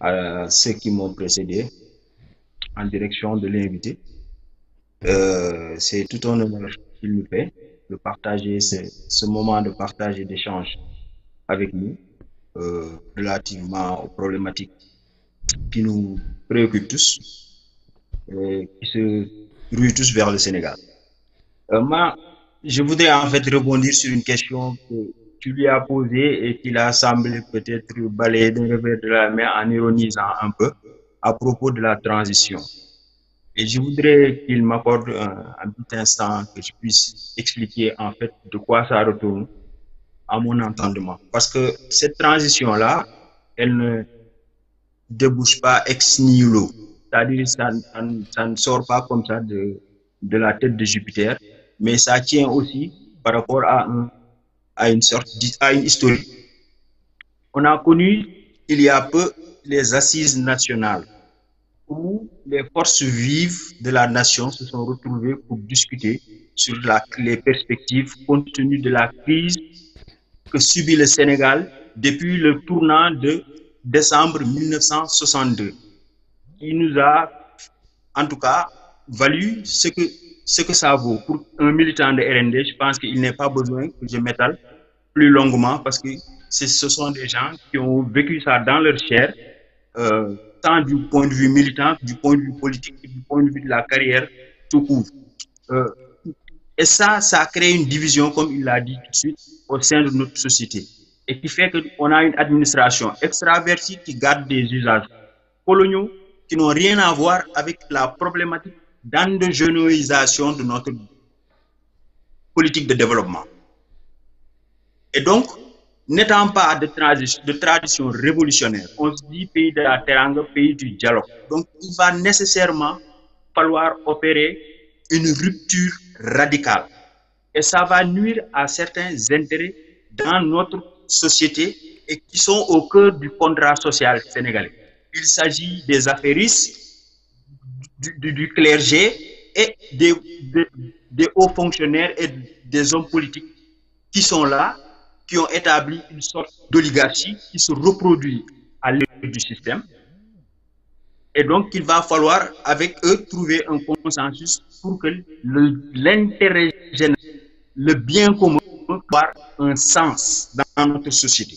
à ceux qui m'ont précédé en direction de l'invité. Euh, c'est tout un honneur qu'il nous fait de partager ce, moment de partage et d'échange avec nous euh, relativement aux problématiques qui nous préoccupent tous et euh, qui se ruent tous vers le Sénégal. Euh, je voudrais en fait rebondir sur une question tu lui as posé et qu'il a semblé peut-être balayer d'un revers de la main en ironisant un peu à propos de la transition. Et je voudrais qu'il m'accorde un, un, petit instant que je puisse expliquer en fait de quoi ça retourne à mon entendement. Parce que cette transition-là, elle ne débouche pas ex nihilo. C'est-à-dire ça, ne sort pas comme ça de, de la tête de Jupiter, mais ça tient aussi par rapport à à une sorte, à une historique. les assises nationales où les forces vives de la nation se sont retrouvées la, les perspectives compte tenu que subit le depuis le tournant de décembre 1962. Il nous a, en tout cas, ce que ça vaut pour un militant de RND, je pense qu'il n'est pas besoin que je m'étale plus longuement parce que ce sont des gens qui ont vécu ça dans leur chair, euh, tant du point de vue militant, du point de vue politique, du point de vue de la carrière, tout court. Euh, et ça, ça crée une division, comme il l'a dit tout de suite, au sein de notre société. Et qui fait qu'on a une administration extravertie qui garde des usages coloniaux qui n'ont rien à voir avec la des d'endogénoisation de notre politique de développement. Et donc, n'étant pas de, de, tradition révolutionnaire, on se dit pays de la teranga, pays du dialogue. Donc, il va nécessairement falloir opérer une rupture radicale. Et ça va nuire à certains intérêts dans notre société et qui sont au cœur du contrat social sénégalais. Il s'agit des affairistes, du, du, du clergé et des, des, des, hauts fonctionnaires et des hommes politiques qui sont là, qui ont établi une sorte d'oligarchie qui se reproduit à l'aide du système. Et donc, il va falloir, avec eux, trouver un consensus pour que l'intérêt général, le bien commun, avoir un sens dans notre société.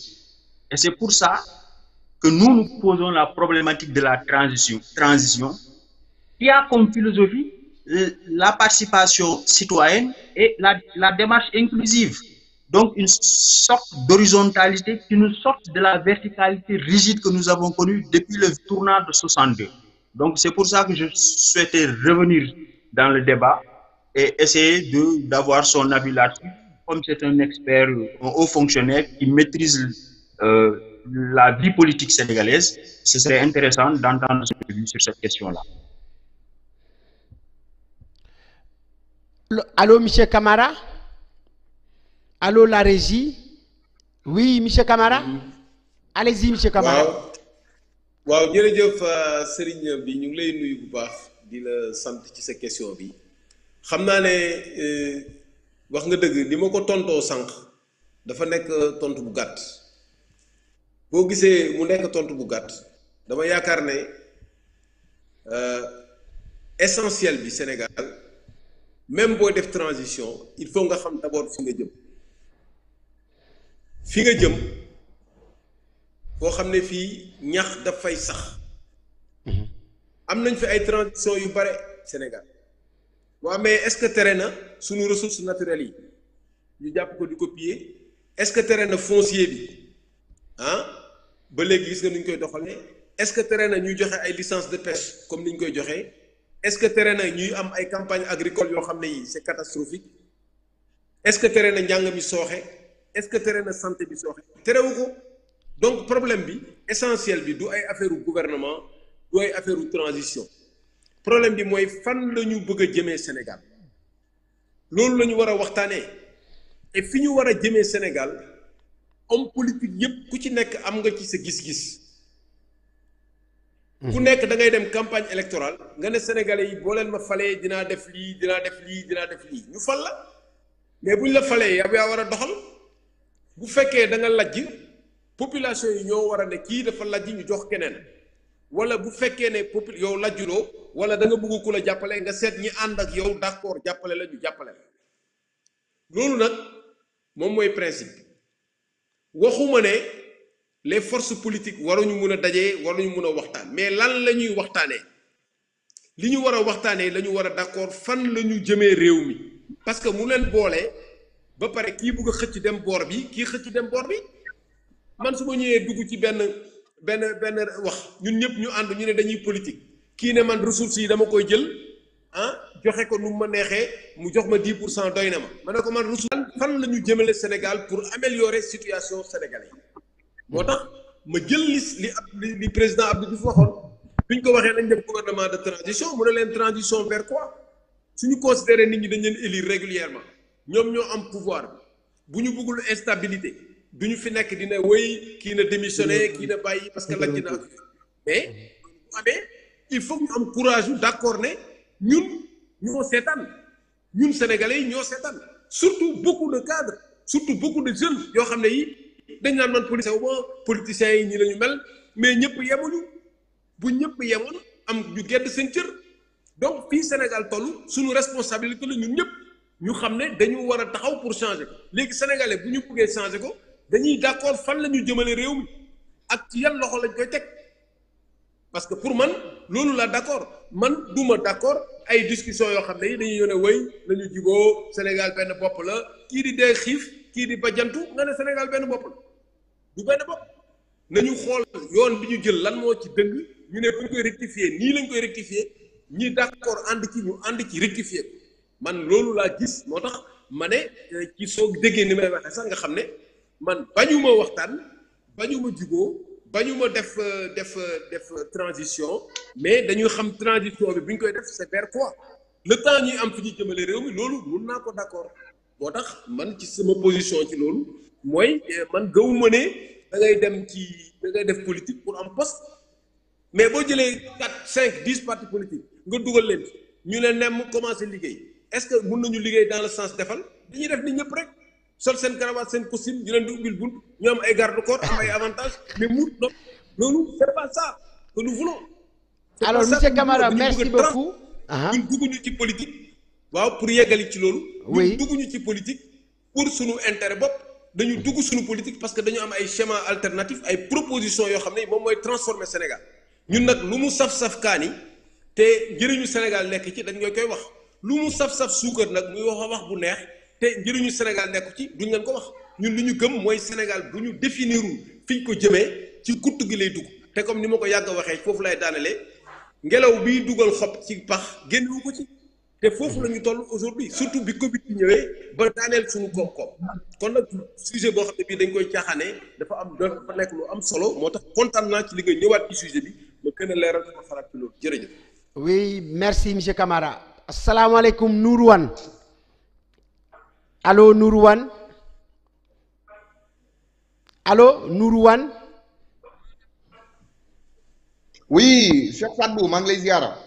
Et c'est pour ça que nous nous posons la problématique de la transition, transition qui a comme la participation citoyenne et la, la démarche Donc une sorte d'horizontalité qui nous sort de la verticalité rigide que nous avons connue depuis le pour ça que je dans le débat et essayer de d'avoir son avis là-dessus, comme c'est un expert, euh, la vie politique sénégalaise, ce serait intéressant d'entendre son Allô, monsieur Camara Allô, la régie Oui, monsieur Camara Allez-y, monsieur Camara. waaw jërëjëf euh, Serigne bi ñu ngi lay nuyu bu baax di la sant ci sa question bi xam naa ne euh, wax nga dëgg li ma ko tontoo sànq dafa nekk tont bu gàtt boo gisee mu nekk tontu bu gàtt dama yaakaar ne euh, essentiel bi Sénégal même boo def transition il faut nga xam d'abord fi nga jëm fi nga jëm boo xam ne fii ñax dafay sax am nañ fi ay transition yu bare Sénégal waaw mais est-ce que tere na suñu ressources naturelles yi ñu jàpp ko di ko piller est-ce que tere na foncier bi ah ba léegi gis nga nu ñu koy doxalee est-ce que tere na ñuy joxe ay licence de pêche comme ni ñu koy joxee est-ce que tere na ñuy am ay campagne agricole yoo xam ne yi c'est catastrophique est-ce que tere na njàng mi sooxee est-ce que tere na santé bi sooxe terewu ko donc problème bi essentiel bi du ay affaire gouvernement du ay affaire transition problème bi mooy fan la ñu bëgg a jëmee Sénégal loolu la ñu war a waxtaanee et fi ñu war a jëmee Sénégal homme politique yépp ku ci nekk am nga ci sa gis-gis ku mhm. nekk da ngay dem campagne électorale nga ne sénégalais yi boo ma falee dinaa def lii dinaa def lii dinaa def lii ñu fal la mais buñ la falee yow yaa war a doxal bu fekkee da nga lajj population yi ñoo war a ne kii dafa lajj ñu jox keneen wala bu fekkee ne popul yow lajjuloo wala danga nga bëgg ku jàppale nga seet ñi ànd ak yow d'accord jàppale la ñu jàppale la loolu nag moom mooy principe waxuma ne. les forces politiques waruñu mun a dajee ñu mun a waxtaan mais lan la ñuy waxtaanee li ñu war a waxtaanee la ñu war a d'accord fan la ñu jëmee réew mi parce que mu leen boole ba pare kii bugg a xëcc dem boor bi kii xëcc dem boor bi man su ma ñëwee dugg ci benn benn benn wax ñun ñëpp ñu ànd ñu ne dañuy politique kii ne man ressources yi dama koy jël ah joxe ko nu ma neexee mu jox ma 10 pour cent doy ne ma. ma ne ko man ressources fan la ñu jëmale Sénégal pour améliorer situation sénégalaise. moo tax ma jël li li ab li président Abdou Diouf waxoon bi ñu ko waxee nañ def gouvernement de transition mu ne leen transition vers quoi suñu considéré nit ñi dañ leen élire régulièrement ñoom ñoo am pouvoir bu ñu bëggul instabilité du ñu fi nekk dina wéy kii na démissionné kii na bàyyi parce que laaj na mais bu amee il faut ñu am courage yu d' accord ne ñun ñoo seetaan ñun sénégalais yi ñoo seetaan surtout beaucoup de cadres surtout beaucoup de jeunes yoo xam ne yi dañ naan man politicien wu ma politiciens yi ñi lañu mel mais ñëpp yemuñu bu ñëpp yemoon am ñu gedd seen cër donc fii Sénégal toll suñu responsabilité la ñun ñëpp ñu xam ne dañu war a taxaw pour changer ko léegi sénégalais bu ñu bëggee changer ko dañuy d'accord fan la ñu jëmale réew mi ak ci yan loxo lañ koy teg parce que pour man loolu la d'accord man duma d'accord ay discussion yoo xam ne yi dañuy yone woy nañu jiboo Sénégal benn bopp la kii di dee xiif kii di ba bajantu nga ne Sénégal benn bopp la du benn bopp nañu xool yoon bi ñu jël lan moo ci dëgg ñu ne bu ñu koy rectifier nii lañ koy rectifier ñi d'accord ànd ci ànd ci rectifier man loolu laa gis moo tax ma ne euh, ci soo déggee ni may waxee sax nga xam ne man bañuma waxtaan bañuma juboo bañuma def euh, def euh, def transition mais dañuy xam transition bi bu ñu koy def c'est vers quoi le temps ñuy am fi ñuy jëmale réew mi loolu mun naa ko d'accord boo tax man ci sama position ci loolu mooy eh, man gëwuma ne da ngay dem ci da ngay def politique pour am poste mais boo jëlee quatre cinq dix partis politiques nga dugal leen ñu ne nemm commencé liggéey est-ce que mën nañu liggéey dans le sens defal dañuy def ni ñëpp rek sol seen cravate seen costume ñu leen di ubbil ñu am ay garde corps am ay avantages mais mu non loolu c'est pas ça que nous voulons. alors monsieur Camara merci beaucoup. ñun dugguñu ci politique. waaw pour yeggali ci loolu. oui dugguñu ci politique pour suñu intérêt bopp dañu dugg suñu politique parce que dañu am ay schéma alternatif ay proposition yoo xam ne moom mooy transformer Sénégal ñun nag lu mu saf-saf kaani te njëriñu Sénégal nekk ci dañ koy koy wax lu mu saf-saf suukar nag muy wax wax bu neex te njëriñu Sénégal nekk ci duñ leen ko wax ñun li ñu gëm mooy Sénégal bu ñu définirul fi ñu ko jëmee ci gutt gi lay dugg te comme ni ma ko yàgg a waxee foofu lay daanelee ngelaw biy dugal xob ci pax génnewu ko ci te foofu la ñu toll aujourd'hui surtout bi Covid bi ñëwee ba daaneel suñu koom-koom kon nag sujet boo xam ne bii dañ koy caaxaanee dafa am dafa nekk lu am solo moo tax kontaan ci li ñëwaat ci sujet bi ma gën a leeral sama xalaat ci loolu jërëjëf. oui merci monsieur Camara. asalaamaaleykum Nourou Wane allo Nourou Wane allo Nourou Wane. oui Cheikh Sadou maa ngi lay ziara.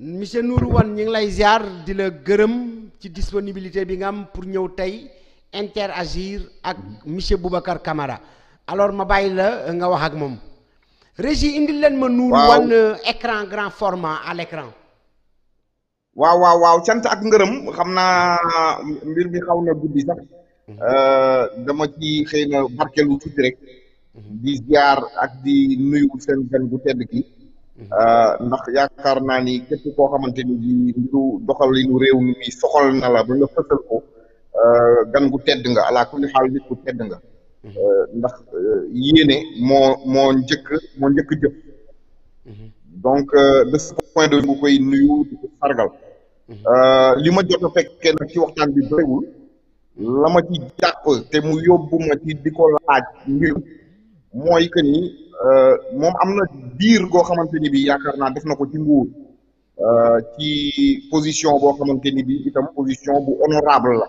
monsieur Nourou wan ñu ngi lay ziar di la gërëm ci disponibilité bi nga am pour ñëw tey interagir ak monsieur Boubacar kamara alors ma bàyyi la nga wax ak moom régie indi leen ma Nourou Wane écran grand format à l'écran waaw waaw waaw cant ak ngërëm xam naa mbir mi xaw na guddi sax euh, dama ci xëy na barkeelu tuuti rek mhm. di ziar ak di nuyu seen gan gu tedd ki Euh, ndax yaakaar naa ni képp koo xamante ni bi mbiru doxalinu réew mi soxal na la ba nga fësal ko euh, gan gu tedd nga ala kulli xaal nit ku tedd nga mm-hmm. euh, ndax yéene moo moo njëkk moo njëkk jëf mm-hmm. donc de ce point de vue koy nuyu di ko sargal mm-hmm. li ma jot a fekkee nag ci waxtaan bi bëriwul la ma ci jàpp te mu yóbbu ma ci di ko laaj mbir mooy que ni Euh, moom am na diir goo xamante ni bi yaakaar naa def na ko ci nguur euh, ci position boo xamante ni bi itam position bu honorable la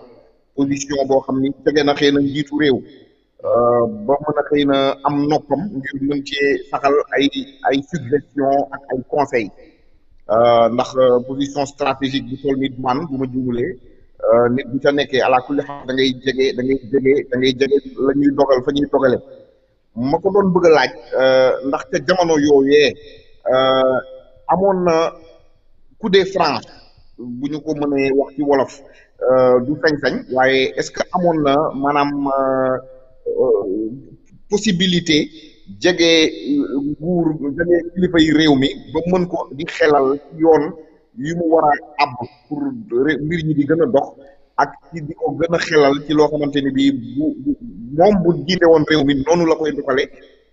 position boo xam ni jege na xëy na njiitu réew euh, ba mën a xëy na am noppam ngir mën cee saxal ay ay suggestion ak ay conseil ndax position stratégique bu toll nit man bu ma juumalee nit bu ca nekkee àla kulli da ngay jege da ngay jege da ngay jege la ñuy dogal fa ñuy dogale ma ko doon bëgg a laaj euh, ndax ca jamono yooyee euh, amoon na coup de France bu ñu ko mënee wax ci wolof euh, du sañ-sañ waaye est-ce que amoon na maanaam possibilité jege nguur jege kilifa yi réew mi ba mën ko di xelal yoon yi mu war a àbb pour mbir ñi di gën a dox ak ci di ko gën xelal ci loo xamante ni bii bu moom bu jiite woon réew mi noonu la koy doxalee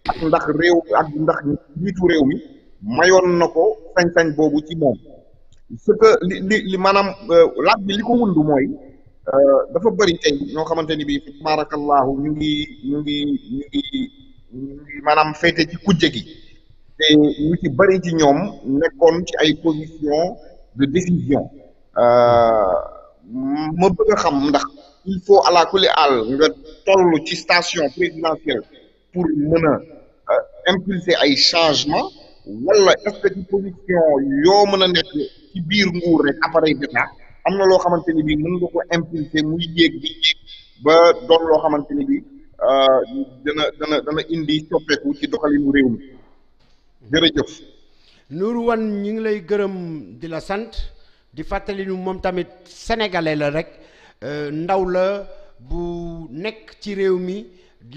ak ndax réew ak ndax njiitu réew mi mayoon na ko sañ-sañ boobu ci moom ce que li li li maanaam euh, laaj bi li ko wund mooy euh, dafa bëri tey ñoo xamante ni bii tabaarakallaahu ñu ngi ñu ngi ñu ngi ñu ngi ci kujje gi te ñu ci bëri ci ñoom nekkoon ci ay position de décision. Euh, ma bëgg a xam ndax il faut à la kulli àll nga toll ci station présidentielle pour mën a euh, impulser ay changements wala est position yoo mën a nekk ci biir nguur rek appareil d'État am na loo xamante ni bii mën nga ko impulser muy yéeg di yéeg ba doon loo xamante ni bii euh, dana dana dana indi soppeeku ci doxalinu réew mi jërëjëf. Nourou Wane ñu ngi lay gërëm di la sant. di fàttali ñu moom tamit sénégalais la rek euh, ndaw la bu nekk ci réew mi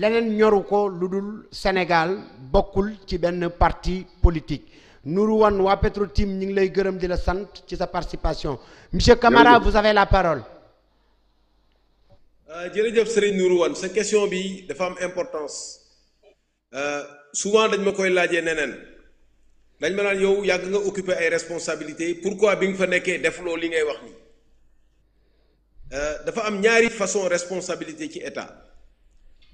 leneen ñoru ko lu dul Sénégal bokkul ci benn parti politique Nourou wan waa Petro-Tim ñu ngi lay gërëm di la sant ci sa participation monsieur Camara vous avez la parole. Euh, jërëjëf Serigne nuru Wane sa question bi dafa am importance euh, souvent dañ ma koy laajee neneen. dañ ma naan yow yàgg nga occuper ay responsabilités pourquoi bi nga fa nekkee def loo li ngay wax nii euh, dafa am ñaari façon responsabilité ci état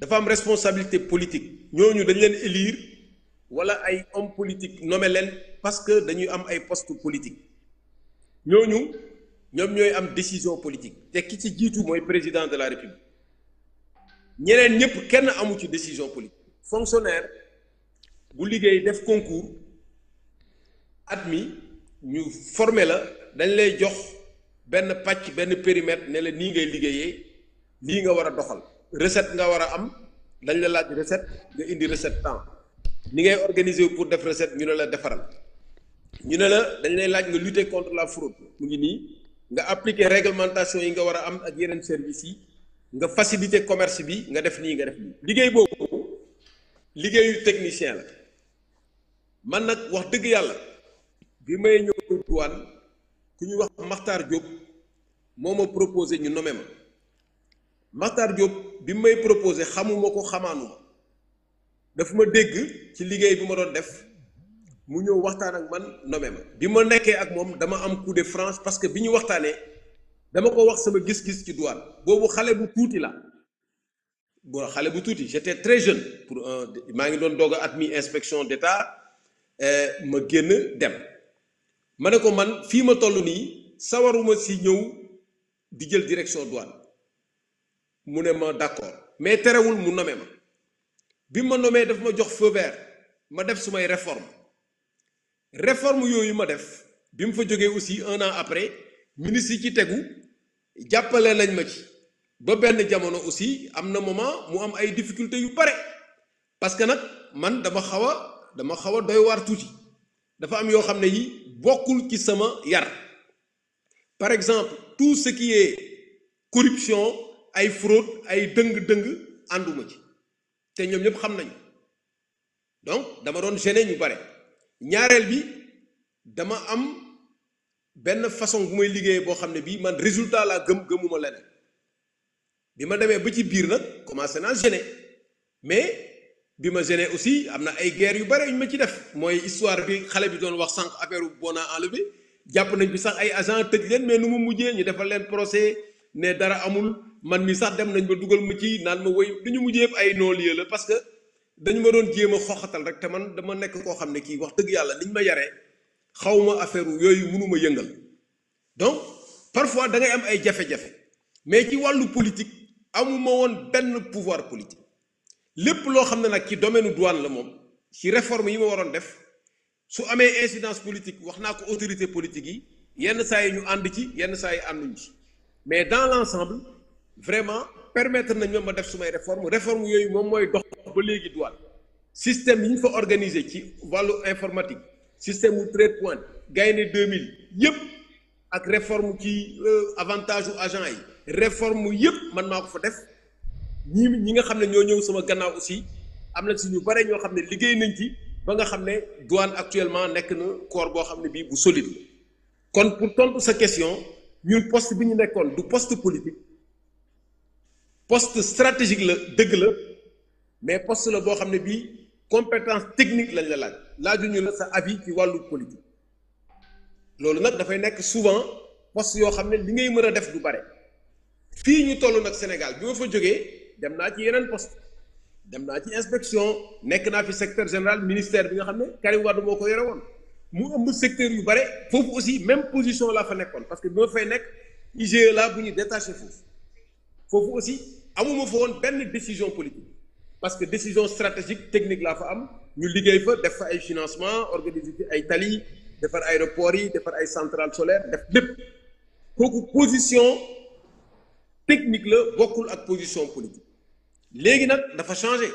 dafa am responsabilité politique ñooñu dañ leen élire wala ay homme politique nommé leen parce que dañuy am ay poste politique ñooñu ñoom ñooy am décision politique te ki ci jiitu mooy président de la république ñeneen ñëpp kenn amu ci décision politique fonctionnaire bu liggéey def concours at mi ñu former la dañ lay jox benn pàcc benn périmètre ne la nii ngay liggéeyee lii nga war a doxal recette nga war a am dañ la laaj recette nga indi recette temps ni ngay organiser pour def recette ñu ne la defaral ñu ne la dañ lay laaj nga lutter contre la fraude mu ngi nii nga appliquer réglementation yi nga war a am ak yeneen services yi nga faciliter commerce bi nga def nii nga def nii liggéey boobu liggéeyu technicien la man nag wax dëgg yàlla. bi may ñëw duwaan ku ñu wax Makhtar Diop moo ma proposé ñu nommé ma Makhtar Diop bi may proposé xamuma ko xamaanuma dafa ma dégg ci liggéey bi ma doon def mu ñëw waxtaan ak man nommé ma bi ma nekkee ak moom dama am coup de France parce que bi ñu waxtaanee dama ko wax sama gis-gis ci duwaan boobu xale bu tuuti la boo xale bu tuuti j'étais très jeunes pour un maa ngi doon doog a admis inspection d'état euh, ma génn dem ma ne ko man fii ma toll nii sawaruma si ñëw di jël direction douane mu ne ma d'accord mais terewul mu nome ma bi ma nomee dafa ma jox feu ma def sumay réforme réforme yooyu ma def bi mu fa jógee aussi un an après ministre yi ci tegu jàppale nañ ma ci ba benn jamono aussi am na moment mu am ay difficultés yu bare parce que nag man dama xaw a dama xaw a doy waar tuuti dafa am yoo xam ne yi bokkul ci sama yar par exemple tout ce qui corruption ay fraude ay dëng-dëng ànduma ci te ñoom ñëpp xam nañu donc dama doon gêné ñu bare ñaareel bi dama am benn façon bu may liggéeyee boo xam ne bii man résultat laa gëm gëmuma leneen bi ma demee ba ci biir nag commencé naa gêné mais bi ma gêné aussi am na ay guerre yu bare yu ma ci def mooy histoire bi xale bi doon wax sànq affaire bu bona enlevé jàpp nañ bi sax ay agent tëj leen mais nu mu mujjee ñu defal leen procès ne dara amul man mi sax dem nañ ba dugal ma ci naan ma woy du ñu mujjee ay non-lieu la parce que dañu ma doon jéem a xoxatal rek te man dama nekk koo xam ne kii wax dëgg yàlla niñ ma yaree xaw ma affaire yooyu mënuma yëngal donc parfois da ngay am ay jafe-jafe mais ci wàllu politique amuma woon benn pouvoir politique. lépp loo xam ne nag ci domaine douane la moom ci réforme yi ma waroon def su amee incidence politique wax naa ko autorité politique yi yenn saa yi ñu ànd ci yenn saa yi ànduñ ci mais dans l'ensemble vraiment permettre nañ ma ma def sumay réforme réforme yooyu moom mooy dox ba léegi douane système yi ñu fa organiser ci wàllu informatique système wu trade point gaynde mille yépp ak réforme ci euh, avantage u agent yi réforme yépp man maa ko fa def ñi ñi nga xam ne ñoo ñëw sama gannaaw aussi am na si ñu bare ñoo xam ne liggéey nañ ci ba nga xam ne douane actuellement nekk na corps boo xam ne bii bu solide la kon pour tontu sa question ñun poste bi ñu nekkoon du poste politique poste stratégique la dëgg la mais poste la boo xam ne bii compétence technique lañ la laaj laajuñu la sa avis ci wàllu politique loolu nag dafay nekk souvent poste yoo xam ne li ngay mën a def du bare fii ñu toll nag Sénégal bi fa jógee. dem naa ci yeneen post dem naa ci inspection nekk naa fi secteur général ministère bi nga xam ne Karim Wade moo ko yore woon mu ëmb secteur yu bare foofu aussi même position laa fa nekkoon parce que bi ma fay nekk IGE laa bu ñu détaché foofu foofu aussi amuma fa woon benn décision politique parce que décision stratégique technique laa fa am ñu liggéey fa def fa ay financement organiser fi ay tali defar aéroport yi defar ay centrale solaire def lépp kooku position technique la bokkul ak position politique léegi nag dafa changé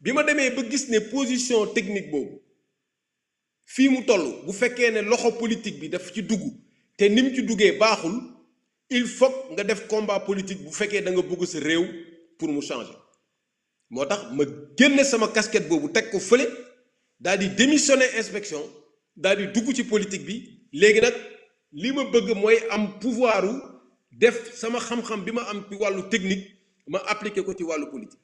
bi ma demee ba gis ne position technique boobu fii mu toll bu fekkee ne loxo politique bi daf ci dugg te ni mu ci duggee baaxul il faut nga def combat politique bu fekkee da nga bëgg sa réew pour mu changer moo tax ma génne sama casquette boobu teg ko fële daal di démissionner inspection daal di dugg ci politique bi léegi nag li ma bëgg mooy am pouvoiru def sama xam-xam bi ma am ci wàllu technique ma appliqué ko ci wàllu politique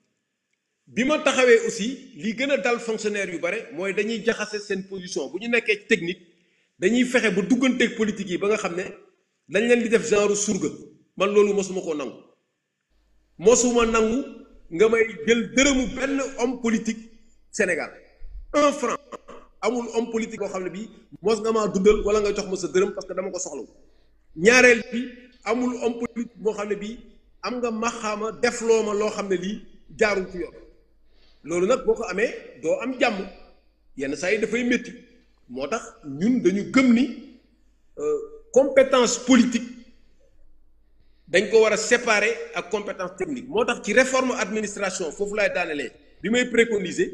bi ma taxawee aussi li gën a dal fonctionnaire yu bare mooy dañuy jaxase seen position bu ñu nekkee ci technique dañuy fexe ba dugganteeg politique yi ba nga xam ne dañ leen di def genre surga man loolu mosuma koo nangu mosuma nangu nga may jël dërëmu benn homme politique Sénégal un franc amul homme politique boo xam ne bii mos nga maa dundal wala nga jox ma sa dërëm parce que dama ko soxlaw ñaareel bi amul homme politique boo xam ne bii. am nga maxaama loo ma loo xam ne lii jaarul ci yoon loolu nag boo ko amee doo am jàmm yenn saa yi dafay métti moo tax ñun dañu gëm ni euh, compétence politique dañ ko war a séparer ak compétence technique moo tax ci réforme administration foofu laay daanelee bi may préconiser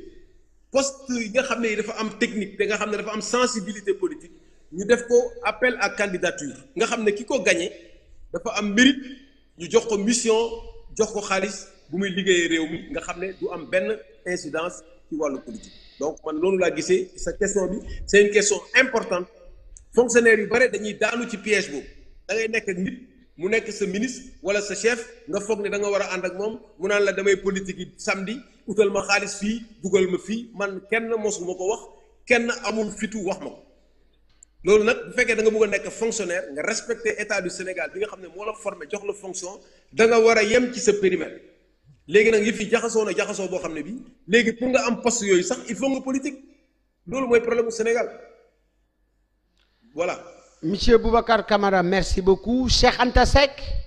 poste yi nga xam ne yi dafa am technique te nga xam ne dafa am sensibilité politique ñu def ko appel ak candidature nga xam ne ki ko gañe dafa am mérite ñu jox ko mission jox ko xaalis bu muy liggéeyee réew mi nga xam ne du am benn incidence ci wàllu politique donc man loolu laa gisee sa question bi seen une question importante fonctionnaire yu bare dañuy daanu ci piège boobu da ngay nekk nit mu nekk sa ministre wala sa chef nga foog ni da nga war a ànd ak moom mu naan la damay politique yi samedi utal ma xaalis fii dugal ma fii man kenn mosuma ko wax kenn amul fitu wax ma ko loolu nag bu fekkee da nga bëgg a nekk fonctionnaire nga respecter état du Sénégal bi nga xam ne moo la formé jox la fonction danga war a yem ci sa périmètre léegi nag yi yi jaxasoo na jaxasoo boo xam ne bi léegi pour nga am poste yooyu sax il faut nga politique loolu mooy problème bu Sénégal voilà. Monsieur Boubacar Camara merci beaucoup Cheikh Anta Seck.